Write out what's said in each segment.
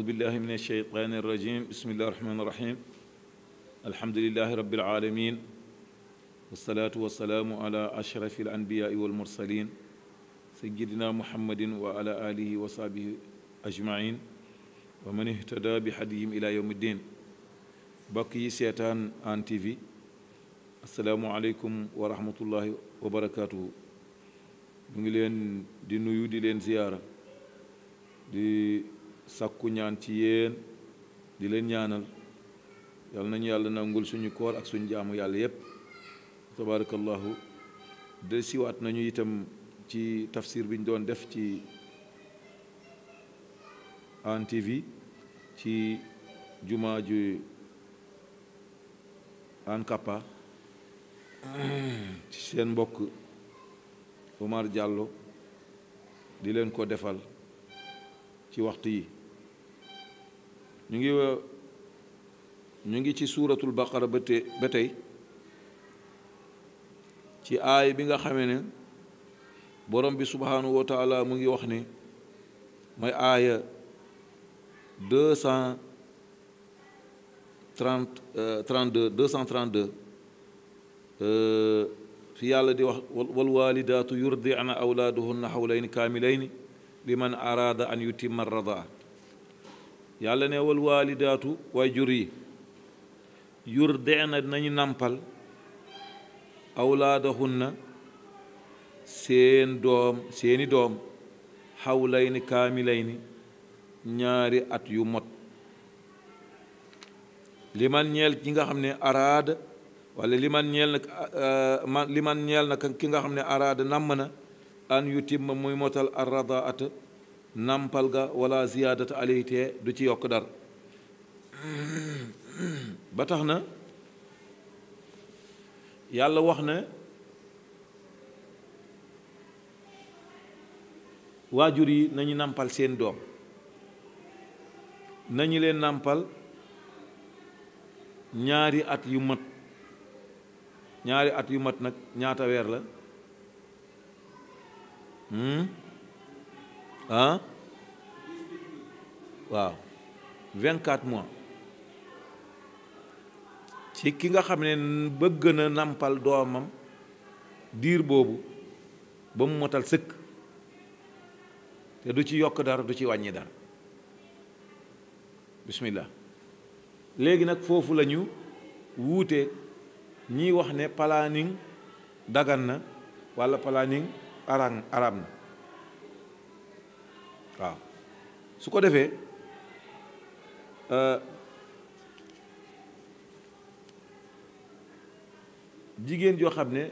أعوذ بالله من الشيطان الرجيم بسم الله الرحمن الرحيم الحمد لله رب العالمين والصلاة والسلام على أشرف الأنبياء والمرسلين سيدنا محمد وعلى آله وصحبه أجمعين ومن اهتدى بحديهم إلى يوم الدين بقي سيتان آن تي في السلام عليكم ورحمة الله وبركاته ñu ngi leen di لين زيارة دي sàkku ñaan ci yéen di leen ñaanal yàlla nañu yàlla nangul suñu koor ak suñu jaamu yàlla yépp tabaarakallahu desiwaat nañu itam ci tafsir bi ñu doon def ci Hann TV ci jumaa ju Hann Capa hmm. ci seen mbokk Omar Diallo di leen ko defal ci waxtu yi ñu ngi ñu ngi ci suuratul baqara ba tey ci aay bi nga xamee ne borom bi subhanahu wa taala mu ngi wax ne may aaya deux cent trente trente fi yàlla di wax wal waalidaatu yurdi'na awlaaduhunna xawlayni kaamilayni liman arada an yutimma radaa yàlla ne wal waalidaatu waay jur yi yur dee na nañu nàmpal na seen doom seeni doom xawlayni kaamilayni ñaari at yu mot liman ñeel ki nga xam ne araada walla liman ñeel na uh, liman ñeel na ki nga xam ne araada namm na an yutimma muy motal arradaata nàmpal ga walla ziyaadata alayhi du ci yokk dara ba tax na yàlla wax ne waajur yi nañu nàmpal seen doom nañu leen nàmpal ñaari at yu mat ñaari at yu mat nag ñaata weer la hmm? ah? waaw 24 mois ci ki nga xam ne bëgg na nàmpal doomam diir boobu ba mu motal sëkk te du ci yokk dara du ci wàññi dara bismillah léegi nag foofu la ñu wuute ñiy wax ne planning dagan na walla palaaning araam araam na waaw su ko defee Euh, jigéen joo xam ne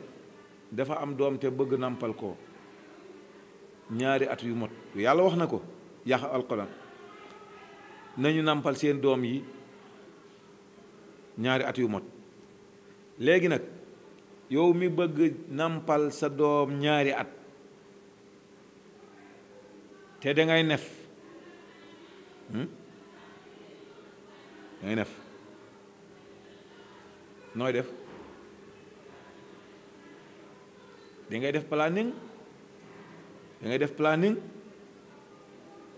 dafa am doom te bëgg nàmpal ko ñaari at yu mot yàlla wax na ko yàq alquran nañu nàmpal seen doom yi ñaari at yu mot léegi nag yow mi bëgg nàmpal sa doom ñaari at te dangay nef hmm? ngay def noy def da ngay def planning da ngay def planning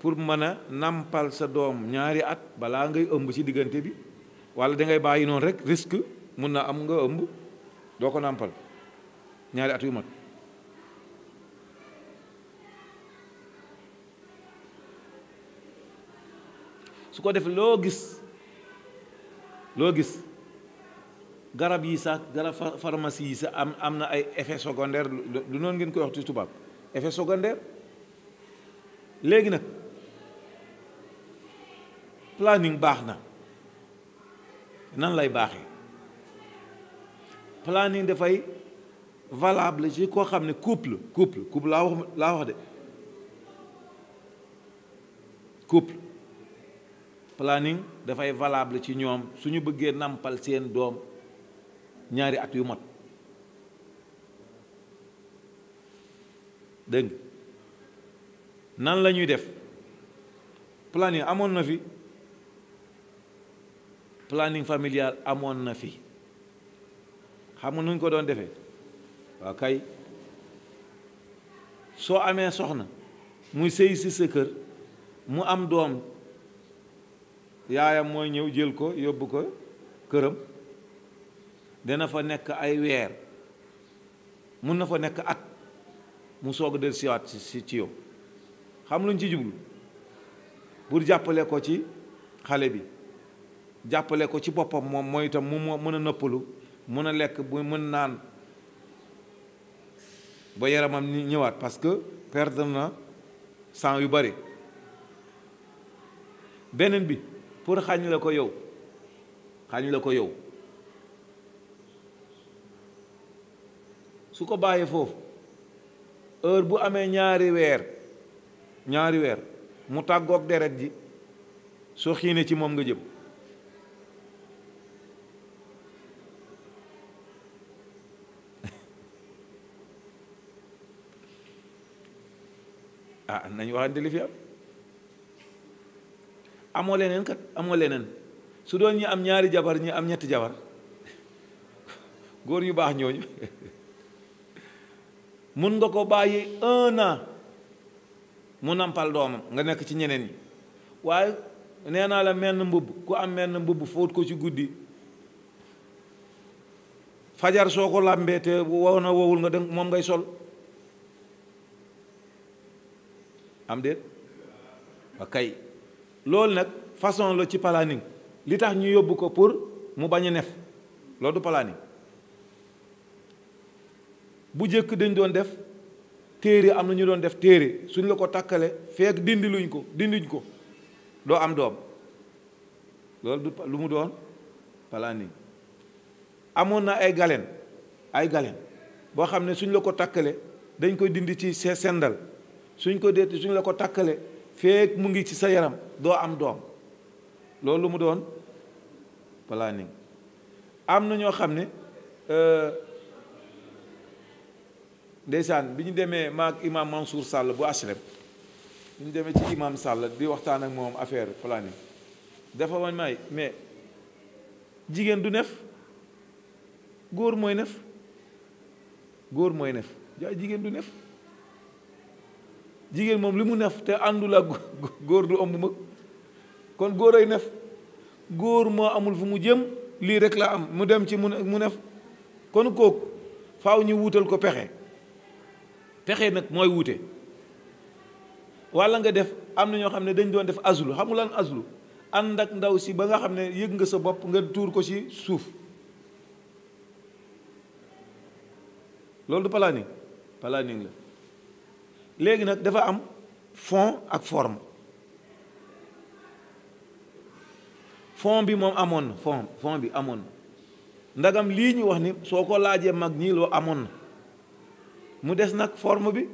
pour mana nampal sa doom ñaari at balaa ngay ëmb ci diggante bi wala da ngay bàyyi noonu rek risque mun na am nga ëmb doo ko nàmpal ñaari at yu mat su ko def loo gis loo gis garab yi sa garab pharmacie yi sax am am na ay effet secondaire lu noonu ngeen koy wax ci tubaab effet secondaire léegi nag planning baax na nan lay baaxee planning dafay valable ci koo xam ne couple couple couple laa wax laa wax de couple planning dafay valable ci ñoom su ñu bëggee nàmpal seen doom ñaari at yu mot dégg nan la ñuy def planning amoon na fi planning familial amoon na fi xam nga nu ñu ko doon defe waaw kay soo amee soxna muy sëy si sa kër mu am doom yaayam mooy ñëw jël ko yóbbu ko këram dana fa nekk ay weer mun na fa nekk at mu soog a del siwaat si ci yow xam luñ ci jublu pour jàppale ko ci xale bi jàppale ko ci boppam moom mooy itam mu mën a noppalu mën a lekk bu mën naan ba yaramam ni ñëwaat parce que perdre na sang yu bari beneen bi pour xañ la ko yow xañ la ko yow su ko bàyyee foofu heure bu amee ñaari weer ñaari weer mu tàggook deret ji soo xiinee ci moom nga jëm ah nañ waxante li fi am amoo leneen kat amoo leneen su doon ñi am ñaari jabar ñi am ñetti jabar góor yu baax ñooñu mun nga ko bàyyi un mu nampal doomam nga nekk ci ñeneen ñi waaye nee naa la menn mbubb ku am menn mbubb fóot ko ci guddi fajar soo ko làmbee te wow na wowul nga dënk moom ngay sol am déet wa kay loolu nag façon la ci planning li tax ñu yóbbu ko pour mu bañ a nef loolu du planning bu jëkk dañ doon def téere am na ñu doon def téere suñ la ko takkale feek dindi luñ ko dindiñ ko doo am doom loolu du lu mu doon planning amoon na ay galeen ay galeen boo xam ne suñ la ko takkale dañ koy dindi ci sendal suñ ko dee suñ la ko takkale feek mu ngi ci sa yaram doo am doom loolu mu doon planning am na ñoo xam ne euh, ndeysaan bi ñu demee imam Mansour Sall bu HLM bi ñu demee ci imam Sall di waxtaan ak moom affaire planning dafa man may mais jigéen du nef góor mooy nef góor mooy nef jaay jigéen du nef jigéen moom li mu nef te àndul ak góor du ëmb mag kon góor ay nef góor moo amul fu mu jëm lii rek la am mu dem ci mu nef kon kooku faw ñu wuutal ko pexe pexe nag mooy wuute walla nga def am na ñoo xam ne dañ doon def azlu xamul lan azlu ànd ak ndaw si ba nga xam ne yëg nga sa bopp nga tuur ko ci suuf loolu du planning planning la léegi nag dafa am fon ak forme fon bi moom amoon na fond fond bi amoon na ndagam lii ñu wax ni soo ko laajee mag ñii loo amoon na mu des nag forme bi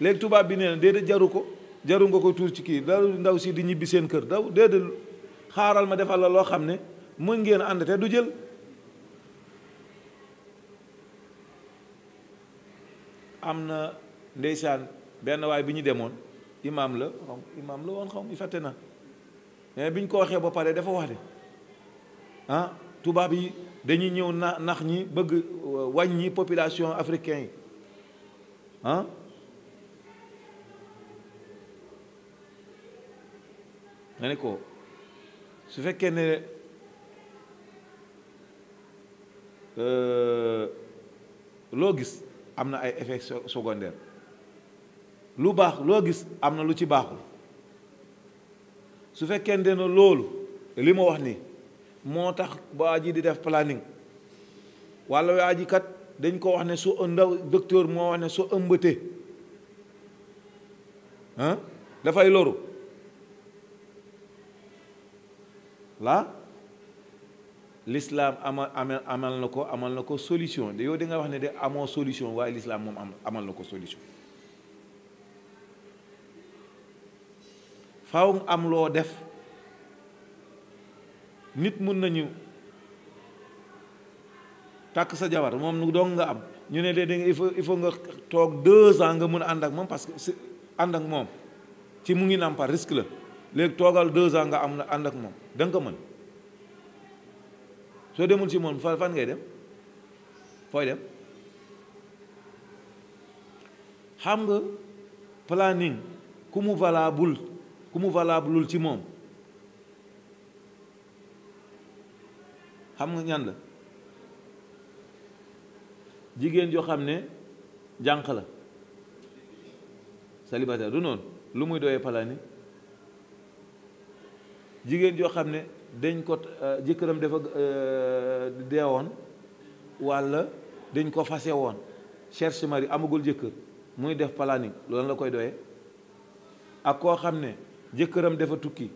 léegi tubaab bi nee na déedéet jaru ko jaru nga ko tuur ci kii daru ndaw si di ñibbi seen kër daw déedéet xaaral ma defal la loo xam ne mu ngeen ànd te du jël am na ndeysaan benn waay bi la la na mais biñ ko waxee ba pare dafa wax de ah tubaab yi ñëw na nax ñi bëgg euh, population africain yi ah ko su fekkee euh, secondaires lu baax loo gis am na lu ci baaxul su fekkente ne loolu li ma wax nii moo tax waa ji di def planning walla waa ji dañ ko wax ne su ndaw docteur moo wax su ëmbëtee dafay loru la l'islam ama amal na ko amal na ko solution da yow di nga wax ne de amoo solution waaye lislaam moom am amal na ko solution faaw nga am loo def nit mun nañu takk sa jabar moom nu doon nga am ñu ne léegi il faut il faut nga toog deux ans nga mën a ànd ak moom parce que si ànd ak moom ci mu ngi nàmpa par risque la léegi toogal deux ans nga am na ànd ak moom danga ko mën soo demul ci moom fan ngay dem fooy dem xam nga planning ku mu valable ku mu valablul ci moom xam nga ñan la jigéen joo xam ne jànq la célibataire du noonu lu muy doyee palaani jigéen joo xam ne dañ ko euh, jëkkëram dafa euh, deewoon walla dañ ko fase woon cherche mari amagul jëkkër muy def palaani loolu la koy doyee ak koo xam ne jëkkëram defa tukki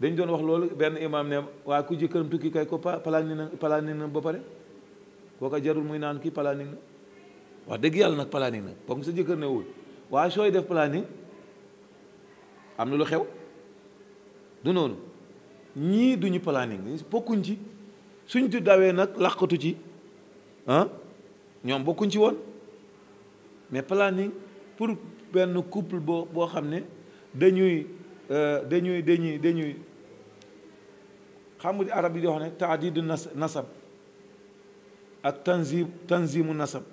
dañ doon wax loolu benn imaam ne waa ku jëkkëram tukki kay ko palaanin na palaanin na ba pare ko jarul muy naan ki palaanin na wax dëgg yàlla nag palaanin na comme su jëkkër ne wul waa sooy def palaanin am na lu xew du noonu ñii duñu planning bokkuñ ci suñ du dawee nag làqatu ci ah ñoom bokkuñ ci woon mais planning pour benn couple boo boo xam ne dañuy Euh, dañuy dañuy dañuy xam nga arab yi di wax ne taadidu nasab ak tanzim tanzimu nasab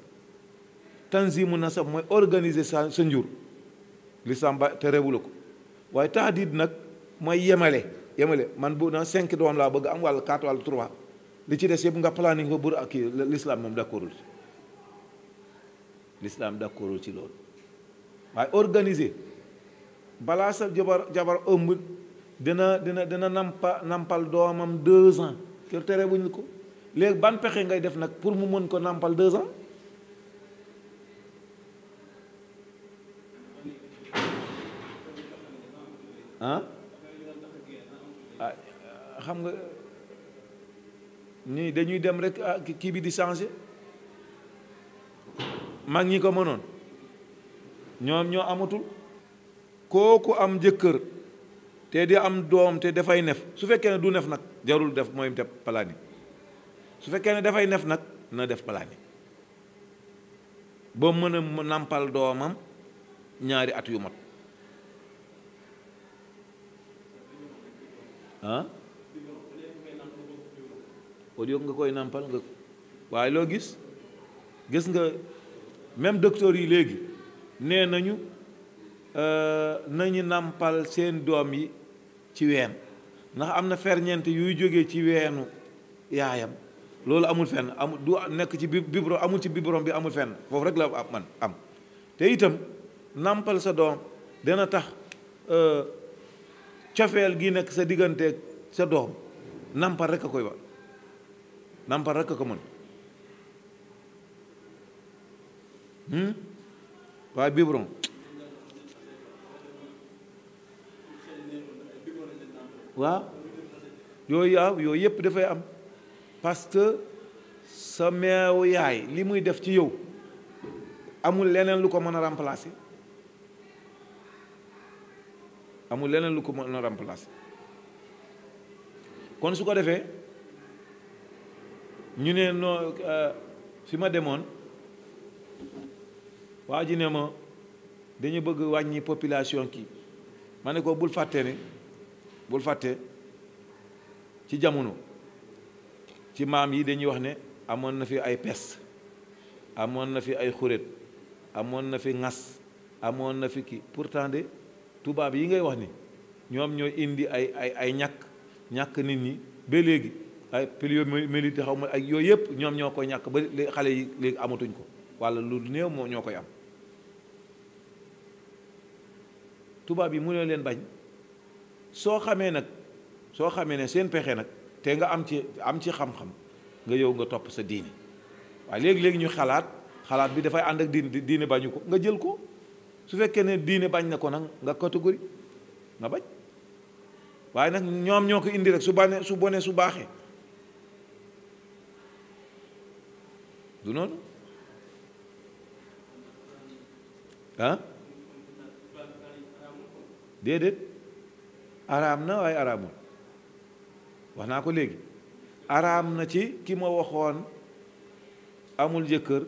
tanzimu nasab mooy organiser sa sa njur lislam ba te réewula ko waaye taadid nag mooy yemale yemale man bu naa cinq doom laa bëgg am wàll quatre wàll trois li ci des yëpp nga planning ko bur ak kii l'islam moom d'accordul ci l'islam ci loolu waaye organiser balaa sa jabar jabar ëmb dina dina dina nampa nampal doomam 2 ans te tere bu ko léegi ban pexé ngay def nak pour mu mën ko nampal 2 ans hein? ah xam nga ni dañuy dem rek ah, ki bi di changer mag ñi ko mënoon ñoom ñoo amatul kooku am jëkkër te di am doom te dafay nef su fekkee ne du nef nag jarul def mooy def palaani su fekkee ne dafay nef nag na def palaani ba mën a nàmpal doomam ñaari at yu mat ah au lieu nga koy nàmpal nga waaye loo gis gis nga même docteur yi léegi nee nañu Euh, nañu nampal seen doom yi ci ween ndax am na ferñeent yuy jóge ci weenu yaayam loolu amul fenn amul du nekk ci biberon amul ci biberon bi amul fenn foofu rek la am man am te itam nàmpal sa doom dana tax euh, cofeel gi nekk sa digganteeg sa doom nampal rek a koy wax nampal rek a ko mën hmm? waaye biberon waaw yooyu waaw yooyu yëpp dafay am parce que sa meew def ci yow amul leneen ko mën a remplacer amul leneen lu ko a remplacer ne euh, fi ma demoon population bul fàtte ci jamono ci maam yi dañuy wax ne amoon na fi ay pes amoon na fi ay xuret amoon na fi nas amoon na fi kii pourtant de tubaab yi ngay wax ni ñoom ñoo indi ay ay ay ñàkk ñàkk nit ñi be léegi ay pluviomélie xaw ma ak yooyu yëpp ñoom ñoo koy ñàkk ba xale yi léegi amatuñ ko walla lu néew moo ñoo koy am tubaab yi mu ne leen bañ soo xamee nag soo xamee ne seen pexe nag te nga am ci am ci xam-xam nga yow nga topp sa diine waaye léegi-léegi ñu xalaat xalaat bi dafay ànd ak diine diine bañu ko nga jël ko su fekkee ne diine bañ na ko nag nga catégorie nga bañ waaye nag ñoom ñoo ko indi rek su bane su bonee su baaxee du noonu ah déedéet araam na waaye araamul wax naa ko léegi araam na ci ki ma waxoon amul jëkkër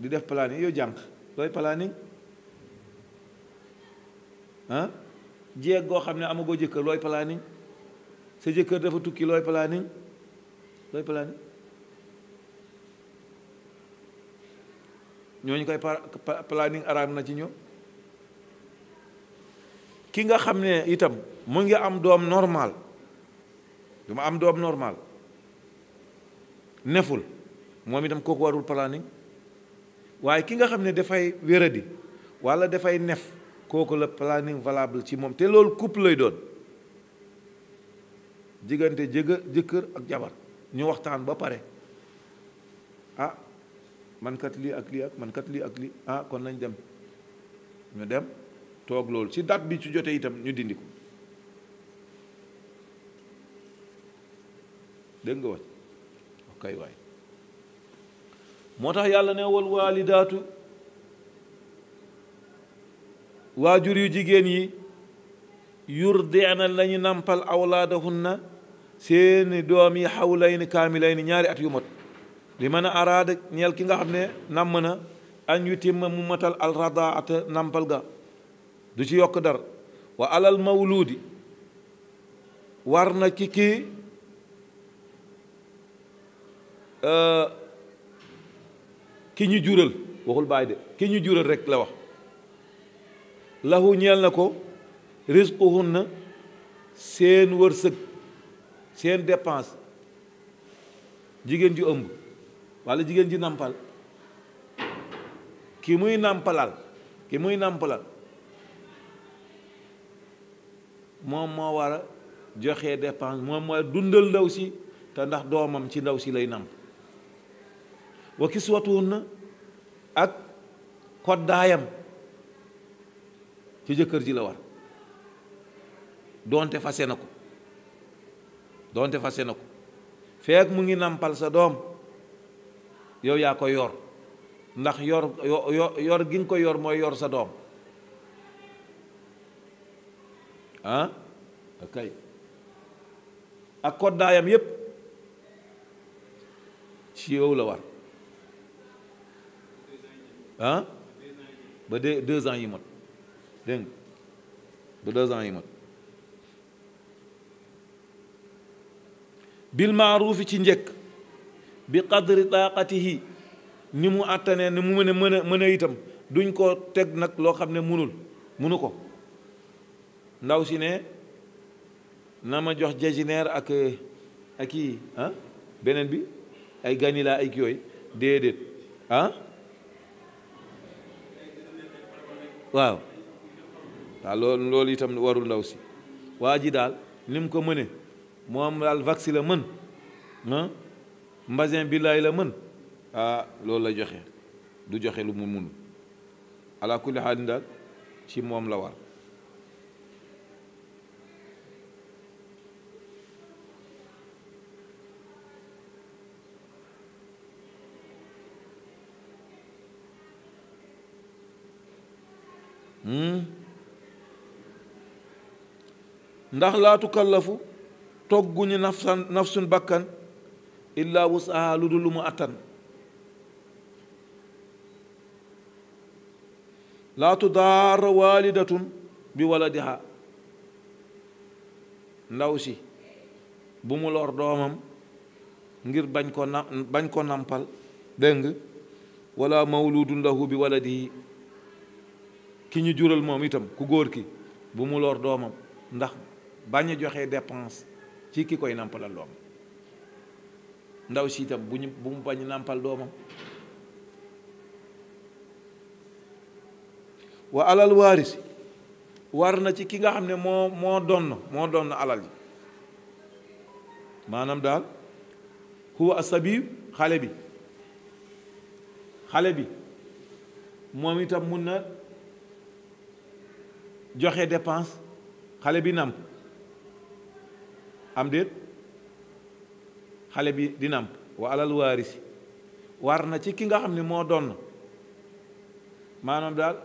di def planning yow jànq looy planning ah goo xam ne amagoo jëkkër looy planning sa jëkkër dafa tukki looy planning looy planning ñooñu koy planning araam na ci ñoom ki nga xam ne itam mu ngi am doom normal du am doom normal neful moom itam ko warul planning waaye ki nga xam ne dafay wéradi walla dafay nef kooku la planning valable ci moom te loolu couple lay doon diggante jëga jëkkër ak jabar ñu waxtaan ba pare ah man lii ak lii ak man kat lii ak lii ah kon nañ dem ñu dem toog loolu ci date bi ci jotee itam ñu dindi ko dégg nga moo tax yàlla ne wal waalidaatu waajur yu jigéen yi yurdi'na lañu nàmpal awlaada nampal na seeni doom yi xawlayni kaamilayni ñaari at yu mot li mën a araada ñeel ki nga xam ne nàmm na an yutimma mu matal alradaata nampal ga du ci yokk dara wa alal mawluudi war na ci kii euh, ki ñu jural waxul bàyyi de ki ñu jural rek la wax lahu ñeel na ko risquhunna seen wërsëg seen dépense jigéen ju ëmb walla jigéen ji nàmpal ki muy nàmpalal ki muy nàmpalal moom moo war a joxe dépense moom mooy dundal ndaw si te ndax doomam ci ndaw si lay namp wa kiswatuhunna ak koddaayam ci jëkkër ji la war doonte fase na ko doonte fase na mu ngi nampal sa dom yow ya ko yor ndax yor yor yor gi ko yor mooy yor sa dom ah kay ak koddaayam yépp ci yow la war ah ba de deux ans yi mot dégg ba deux ans yi mot bil maaruufi ci njëkk bi qadri yi ni mu àttanee ni mu mën a mën mën a itam duñ ko teg nag loo xam ne mënul mënu ko ndaw si ne na ma jox jéginaire ak ak kii ah, beneen bi ay ganila ay yooyu déedéet ah. waaw waaw lool loolu itam warul ndaw si waa ji daal nim ko mëne moom daal vaccin la mën ah mbasin billaay la mën ah loolu la joxe du joxe lu mu mun ala kulli xaalin daal ci moom la war Hmm? ndax laa tukallafu togguñu nafsan nafsun bakkan illaa wusaha lu dul lu mu attan laatu tudaar waalidatun bi waladiha ndaw si bu mu lor doomam ngir bañ ko na bañ ko nampal dégg nga wala mawludun lahu bi waladihi ki ñu jural moom itam ku góor ki bu mu lor doomam ndax bañ a joxe dépense ci ki koy nàmpalal doomam ndaw si itam bu ñu bu mu bañ nàmpal doomam wa alal waaris war na ci ki nga xam ne moo moo donn moo donn alal ji maanaam daal huwa asabib xale bi xale bi moom itam mun na joxe dépense xale bi nàmp am déet xale bi di nàmp wa alal waarisi war na ci ki nga xam ni moo doon maanaam daal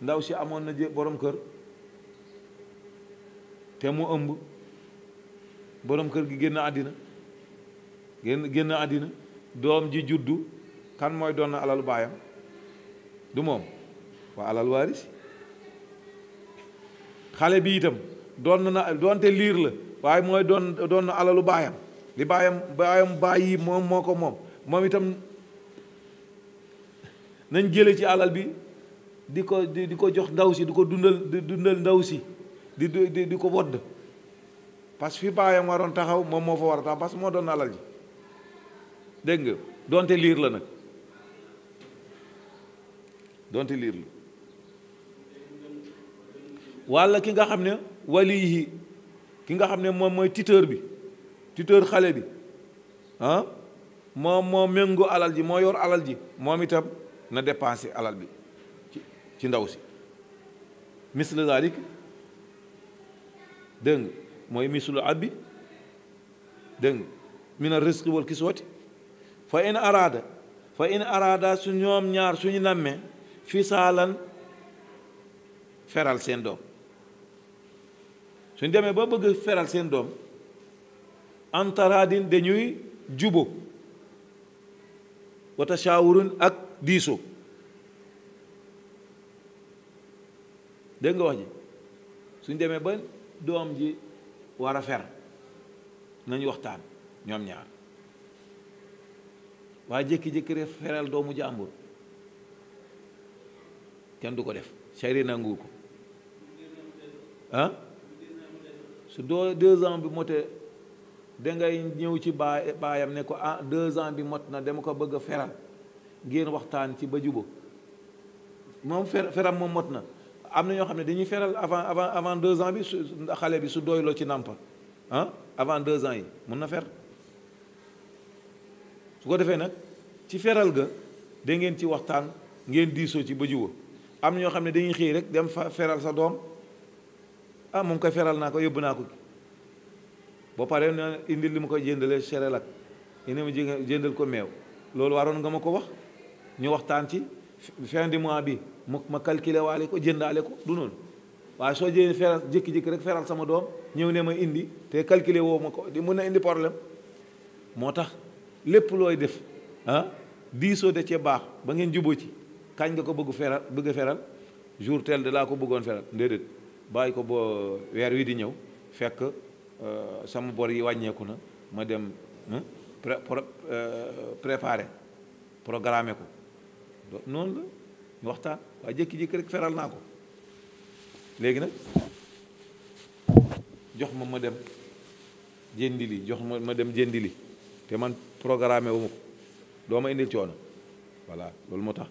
ndaw si amoon na jé boroom kër te mu ëmb boroom kër gi génn àddina génn génn àddina doom ji juddu kan mooy doon alalu baayam du moom waa alal waarisi xale bi itam doon na doonte liir la waaye mooy doon doon na alalu baayam li baayam baayam bàyyi moom moo ko moom moom itam nañ jële ci alal bi di ko di ko jox ndaw si di ko dundal di dundal ndaw si di di di ko wodd parce que fi baayam waroon taxaw moom moo fa war a taxaw parce que moo doon alal ji dégg nga doonte liir la nag doonte la walla ki nga xam ne walli waliyi ki nga xam ne moom mooy tuteur bi tuteur xale bi ah moom moo méngoo alal ji moo yor alal ji moom itam na dépensé alal bi ci ci ndaw si misle dalik dégg nga mooy mislu abbi dégg nga min a risque wal kiswati fa in araada fa in araada su ñoom ñaar suñu nammee fisaalan feral seen doom suñ demee ba bëgg feral seen doom antaraadin dañuy jubo wata shaawurun ak diisoo dégg wax ji suñ demee ba doom ji war a fer nañ waxtaan ñoom ñaar waaye jékki-jékki feral doomu jàmbur kenn du ko def seyri nangu ko ah su doo deux ans bi motee da ngay ñëw ci baay baayam ne ko ah deux ans bi mot na dama ko bëgg a feral ngeen waxtaan ci ba jubo moom fer feram moom mot na am na ñoo xam ne dañuy feral avant avant avant deux ans bi su xale bi su doyloo ci nàmpa ah avant deux ans yi mun na fer su ko defee nag ci feral ga da ngeen ci waxtaan ngeen diisoo ci ba jubo am na ñoo xam ne dañuy xëy rek dem fa feral sa doom ah moom koy feral naa ko yóbbu naa ko boo paree na indi li ma koy jëndalee céréal ak indi ma jëndal ko meew loolu waroon nga ma ko wax ñu waxtaan ci fin du mois bi mu ma calculer waale ko jëndaale ko du noonu waaye soo jëlee feral jékki-jékki rek feral sama doom ñëw ne ma indi te calculer woo ma ko di mun na indi problème moo tax lépp looy def ah diisoo de cee baax ba ngeen juboo ci kañ nga ko bëgg feral bëgg feral jour tel de laa ko bëggoon feral déedéet bàyyi ko ba weer wi di ñëw fekk euh, sama bor yi wàññeeku na ma dem hmm, euh, préparé programmé ko noonu la ñu waxtaan waaye jékki-jékki rek feral naa ko léegi nag jox ma ma dem jëndi li jox ma ma dem jëndi li te man programmé wu ma ko doo ma indil coono voilà loolu moo tax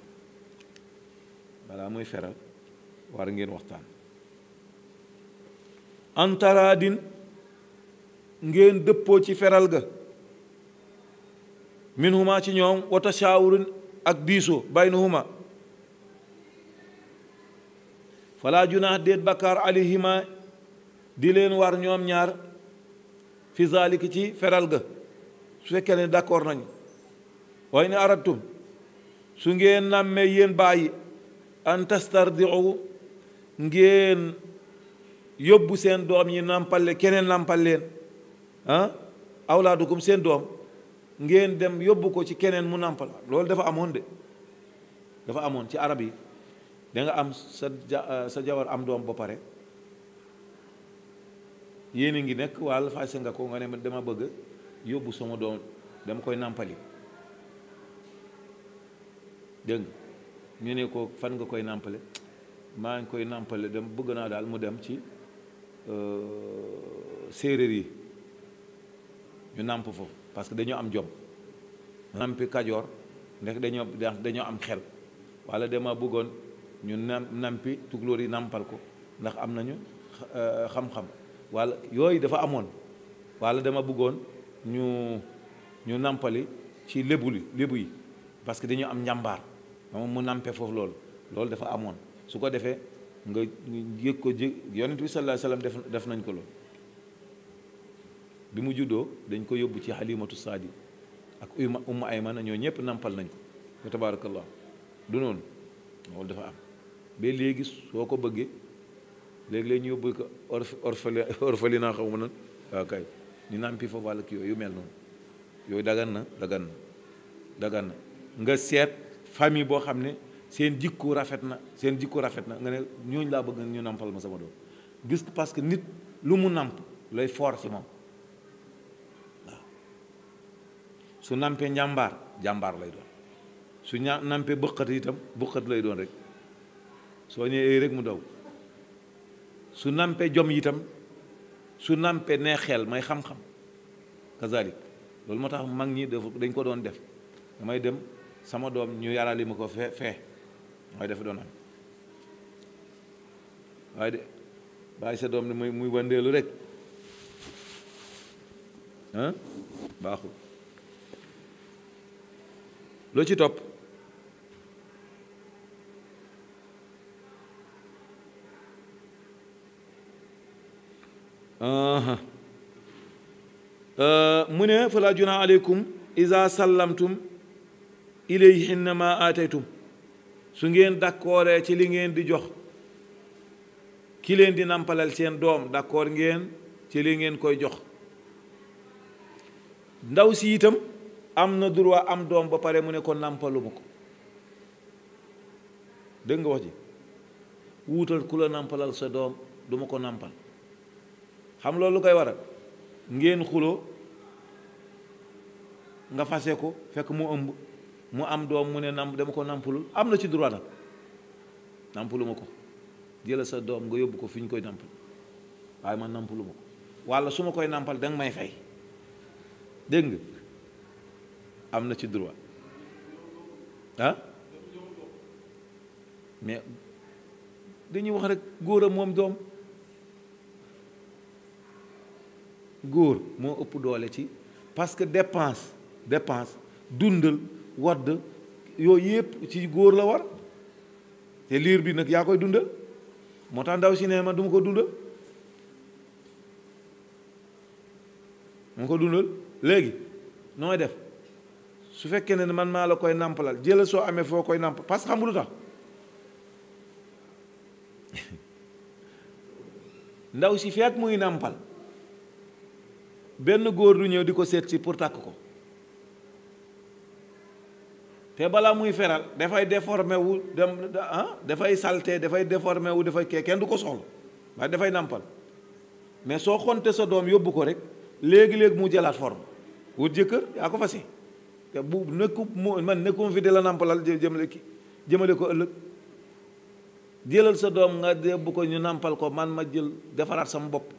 balaa mooy feral war ngeen waxtaan antaraadin ngeen dëppoo ci feral ga min huma ci ñoom wata shaawurin ak diisoo bayna huma falaa junaax déet bakkaar alayhima di leen war ñoom ñaar fi zalika ci feral ga su fekkee ne d'accord nañu waaye ne aratum su ngeen nàmmee yéen bàyyi an tastardiu ngeen yóbbu seen doom yi nàmpale keneen nàmpal leen ah awlaadukum seen doom ngeen dem yóbbu ko ci keneen mu nàmpal loolu dafa amoon de dafa amoon ci arab yi danga am sa euh, sa jawar am doom ba pare yéen a ngi nekk wàll fase nga ko nga ne dama bëgg yóbbu sama doom dama koy nàmpali dégg ñu ne ko fan nga koy nàmpale maa ngi koy nàmpale dem bëgg naa daal mu dem ci Euh, séeréer yi ñu nàmp fa parce que dañoo am jom nàmpi kajoor ndek dañoo dañoo am xel wala dama bëggoon ñu nàmpi tukulóor yi nàmpal ko ndax am nañu euh, xam-xam wala yooyu dafa amoon wala dama bëggoon ñu ñu nàmpali ci lébu li lébu yi parce que dañoo am njàmbaar moom mu nàmpe foofu loolu loolu dafa amoon su ko defee nga yëg ko jë yonent bi sallallahu def def nañ ko lool bi mu juddoo dañ ko yóbbu ci xalimatu saadi ak umma umma aymana ñoo ñëpp nampal nañ ko fa tabaarakallah du noonu loolu dafa am ba léegi soo ko bëggee léeg-léeg ñu yóbbu ko orphelin xaw ma nan waaw kay ñu nampi fa wàll ki yooyu mel noonu yooyu dagan na dagan na dagan na nga seet famille boo xam ne C'est jikko rafet na seen jikko rafet na nga ne ma sama juste parce que nit lu mu namp lay fort ci moom waaw su nampee njàmbaar jàmbaar lay doon su ña nampee bëqat itam bëqat lay doon rek soo ñëwee rek mu daw su nampee jom itam su nampee may xam-xam kazalik dem sama doom ñu waaye dafa doon am waaye de bàyyi sa doom ni muy muy wandeelu rek ah baaxul loo ci topp euh, mu ne fa laa junaa aleykum iza sallamtum ilayhinna ma aataytum su ngeen d'accooree ci li ngeen di jox ki leen di nampalal seen doom d'accord ngeen ci li ngeen koy jox ndaw si itam am na droit am doom ba pare mu ne ko nàmpaluma ko dégg nga wax ji wuutal ku la nàmpalal sa doom duma ko nàmpal xam loolu koy waral ngeen xuloo nga fase ko fekk mu ëmb mu am doom mu ne namp dama ko nampul am na ci droit nag nampulu ma ko jëla sa doom nga yóbbu ko fi ñu koy nampal waaye man nampulu ma ko walla su ma koy nampal danga may fay dégg nga am na ci droit ah mais dañuy wax rek góor moom doom góor moo ëpp doole ci parce que dépense dépense dundal wadd yooyu yëpp ci góor la war te liir bi nag yaa koy dundal moo tax ndaw si nee ma du ko dundal mu ko dundal léegi nooy def su fekkee ne man maa la koy nàmpalal jëlal soo amee foo koy nàmp parce que xam nga tax ndaw si feet muy nàmpal benn góor du ñëw di ko seet si pour tàkk ko te balaa muy feral dafay déformé wu dem ah dafay salte dafay déformé wu dafay kee kenn du ko soxla waaye dafay nàmpal mais soo xonte sa doom yóbbu ko rek léegi léeg mu jëlaat forme wut jëkkër yaa ko fase te bu nekku man nekkum fi de la nàmpalal jëmale ki jëmale ko ëllëg jëlal sa doom nga yóbbu ko ñu nàmpal ko man ma jël defaraat sama bopp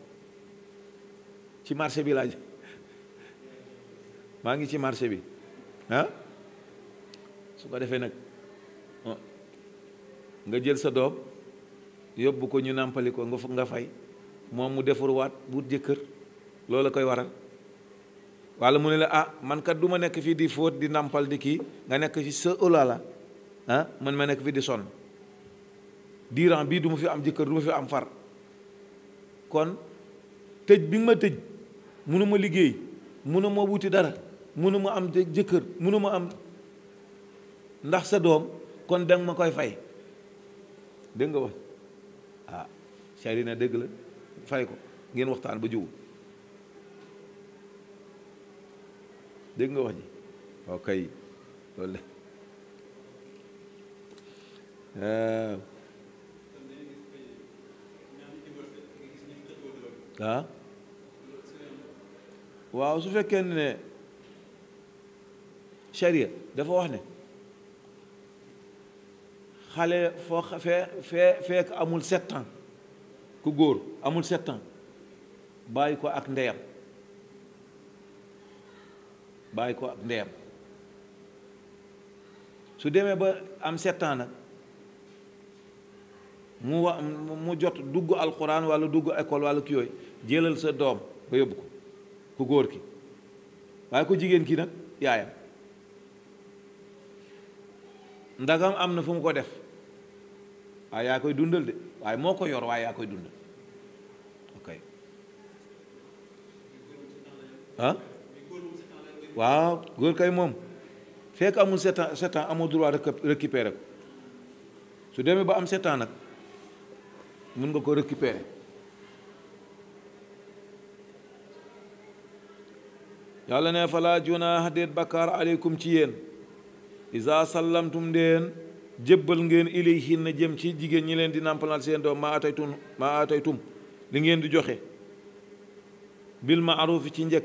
ci marché bi laaj maa ngi ci marché bi ah. su ko defee nag ah, nga jël sa doom yóbbu ko ñu nàmpali ko nga fay moom mu defarwaat wut jëkkër loolu la koy waral wala mu ne la ah man kat du ma nekk fii di fóot di nàmpal di kii nga nekk fi sa olala ah man ma nekk fii di sonn diiran bii duma fi am jëkkër du fi am far kon tëj bi nga ma tëj mënu ma liggéey mënu ma wuti dara mënu ma am jëkkër mënu ma am ndax sa doom kon danga ma koy fay dégg nga wax ah sari na dégg la fay ko ngeen waxtaan ba jiwu dégg nga wax ji waaw loolu euh. ah waaw su fekkee ne sharia dafa wax ne xale foo fee fee fekk amul sept ku góor amul sept bàyyi ko ak ndeyam bàyyi ko ak ndeyam su demee ba am sept ans nag mu wa mu jot dugg alxuraan walla dugg école walla ki yooyu jëlal sa doom nga yóbbu ko ku góor ki waaye ku jigéen ki nag yaayam ndagam am na fu mu ko def waaye yaa koy dundal de waaye moo ko yor waaye yaa koy dundal ok waaw góor kay moom fekk amul sept ans sept ans amoo ko su demee ba am sept nag mën nga ko récupérer yàlla ne falaa junaaha déet bakkaar ci yéen isa sallamtum jébbal ngeen na jëm ci jigéen ñi leen di nàmpalal seen doom maa ataytum maa li ngeen di joxe bil maaruufi ci njëkk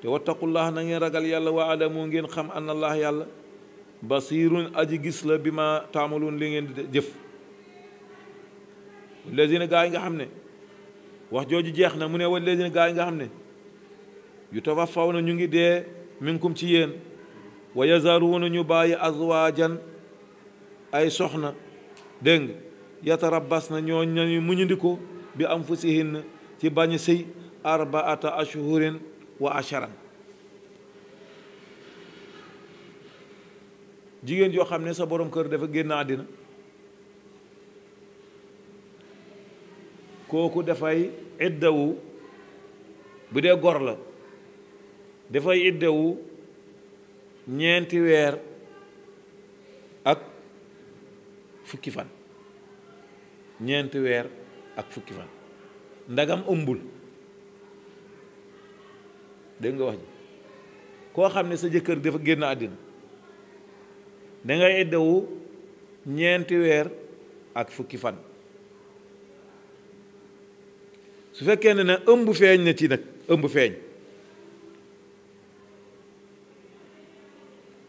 te wattaqullah na ngeen ragal yàlla wa alamu ngeen xam an allah yàlla basirun aji gis la bi ma taamaluun li ngeen di jëf lésina gaa yi nga xam ne wax jooju jeex na mu ne wa lésina gaa yi nga xam ne yu tawaffaw na ñu ngi dee minkum ci yéen wa yazaruuna ñu bàyyi azwaajan ay soxna dégg nga yatarabas na ñoo ñañu muñundiko bi am fu sihin ci bañ sëy arbaata ashhurin wa asharan jigéen joo xam ne sa boroom kër dafa génn àddina kooku dafay iddawu bu dee gor la dafay iddawu ñeenti weer fukki fan ñeenti weer ak fukki fan ndagam ëmbul dégg nga wax ji koo xam ne sa jëkkër dafa génn àddina dangay iddawu ñeenti weer ak fukki fan su fekkee ne ne ëmb feeñ na ci nag ëmb feeñ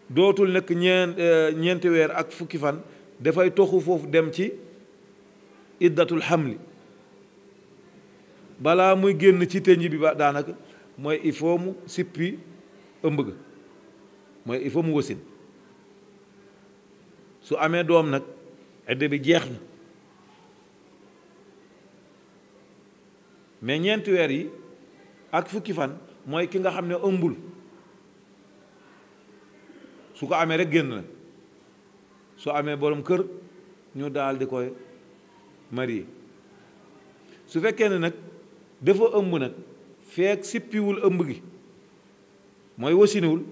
dootul nag eh, ñeenti weer ak fukki fan dafay toxu foofu dem ci iddatul xamli balaa muy génn ci tënj bi ba daanaka mooy il faut mu sippi ëmb ga mooy il faut mu wasin su amee doom nag idda bi jeex na mais ñeenti weer yi ak fukki fan mooy ki nga xam ne ëmbul su ko amee rek génn la su amee boroom kër ñu daldi di koy marié su fekkee ne nag dafa ëmb nag feek sippiwul ëmb gi mooy wasiniwul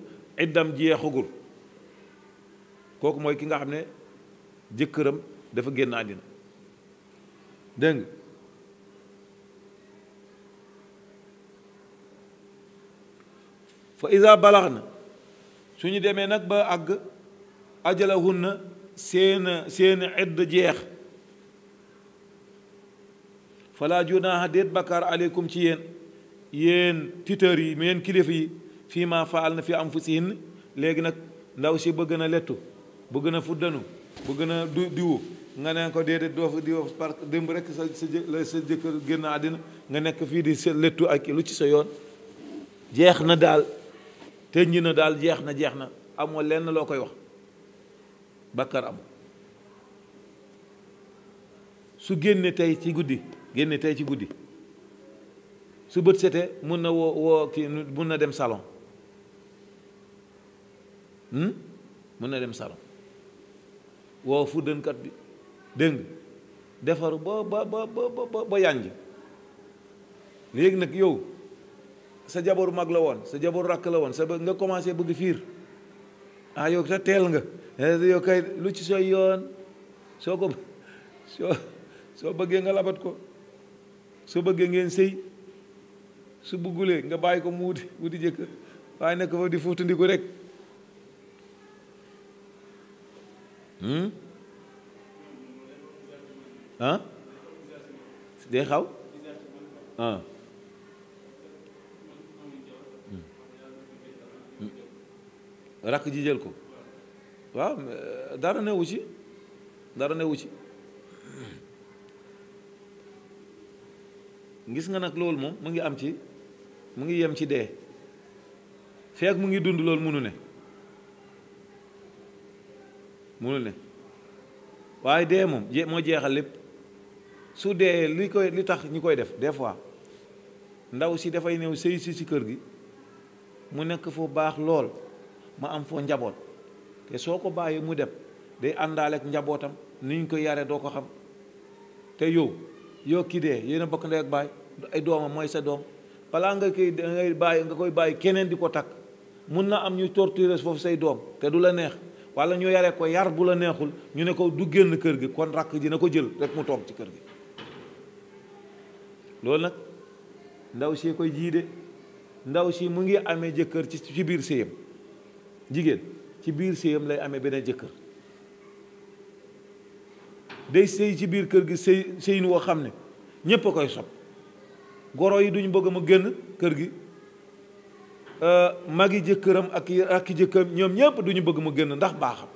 iddam jeexagul kooku mooy ki nga xam ne jëkkëram dafa génn àddina dégg fa isa balax na su ñu demee nag ba àgg na seen seen idd jeex falaa naa déet bakkaar aleykum ci yéen yéen tuteurs yi mais kilifa yi fii ma faal na fi anfusihin léegi nag ndaw si bëgg na lettu bëgg na fuddanu bëgg na du diwu nga ne ko déedéet doo fa diw parce que démb rekk sa sa sa jëkkër génn àddina nga nekk fii di sa lettu ak lu ci sa yoon jeex na daal tënj na daal jeex na jeex na amoo lenn loo koy wax bàkkaar amul su génne tey ci guddi génne tey ci guddi su bët setee mun na woo woo kii mun na dem salon hmm? mun na dem salon woo fuddënkat bi dégg defaru ba ba ba ba ba yànj léegi nag yow sa jabaru mag la woon sa jabaru rakk la woon sa nga commencé bëgg fiir ah yow teel nga Eh, yow lu ci sooy yoon soo ko soo bëggee nga labat ko soo bëggee ngeen sëy su buggulee nga bàyyi ko mu wuti wuti jëkkër nekk fa di fuutandiku rek ah day xaw ah hmm. rakk ji jël ko waaw dara newu ci dara newu ci gis nga nag loolu moom mu ngi am ci mu ngi yem ci dee feek mu ngi dund loolu munu ne munu ne waaye dee moom je moo jeexal lépp su dee li koy li tax ñi koy def des fois ndaw si dafay new sëy si si kër gi mu nekk foo baax lool ma am foo njaboot te soo ko bàyyi mu dem day àndaale ak njabootam ni ñu ko yare doo ko xam te yow yow kii dee yéen a bokk ndey ak baay doomam mooy sa doom balaa nga koy ngay bàyyi nga koy bàyyi keneen di ko takk mun na am ñu torturer foofu say doom te du la neex wala ñu yare ko yar bu la neexul ñu ne ko du génn kër gi kon rakk dina ko jël rek mu toog ci kër gi loolu nag ndaw si koy jiide ndaw si mu ngi amee jëkkër ci ci biir séyam jigéen ci biir séyam lay ame beneen jëkkër day sëy ci biir kër gi sëy sëyin woo xam ne ñépp a koy sob goro yi duñ bëgg mu génn kër gi euh, magi jëkkëram ak rakki jëkkëram ñoom ñépp duñu bëgg mu génn ndax baaxam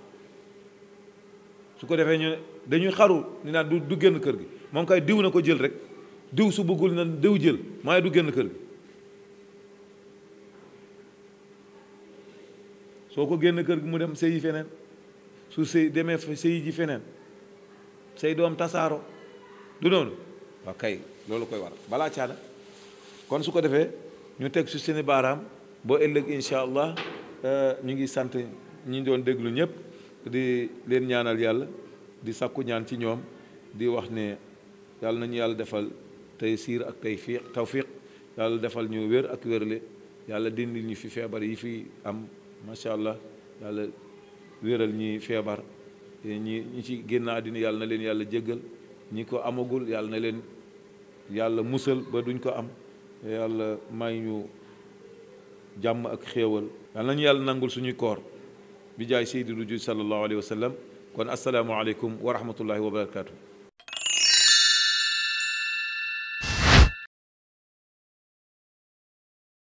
su ko defee ñu dañuy xaru ni naan du du génn kër gi moom kay diw na ko jël rek diw su bëggul na diw jël maay du génn kër gi soo ko génn kër gi mu dem sëyi feneen su sëy demee sëy ji feneen say doom tasaaro du noonu waa kay loolu koy waral balaa caada kon su ko defee ñu teg su seeni baaraam boo ëllëg incha allah euh, ñu ngi sant ñi doon déglu ñëpp di leen ñaanal yàlla di sakku ñaan ci ñoom di wax ne yàlla nañu yàlla defal siir ak tawfiq tawfiq yàlla defal ñu wér ak wérle yàlla dindil ñu fi feebar yi fi am macha allah yàlla wéral ñi feebar ñi ñi ci génn àddina yàlla na leen yàlla jéggal ñi ko amagul yàlla na leen yàlla musal ba duñ ko am yàlla may ñu jàmm ak xéewal yàlla nañu yàlla nangul suñuy koor bi jaay saydi rujuj sallallahu alayhi wa sallam kon asalaamaaleykum wa rahmatullahi wa barakatu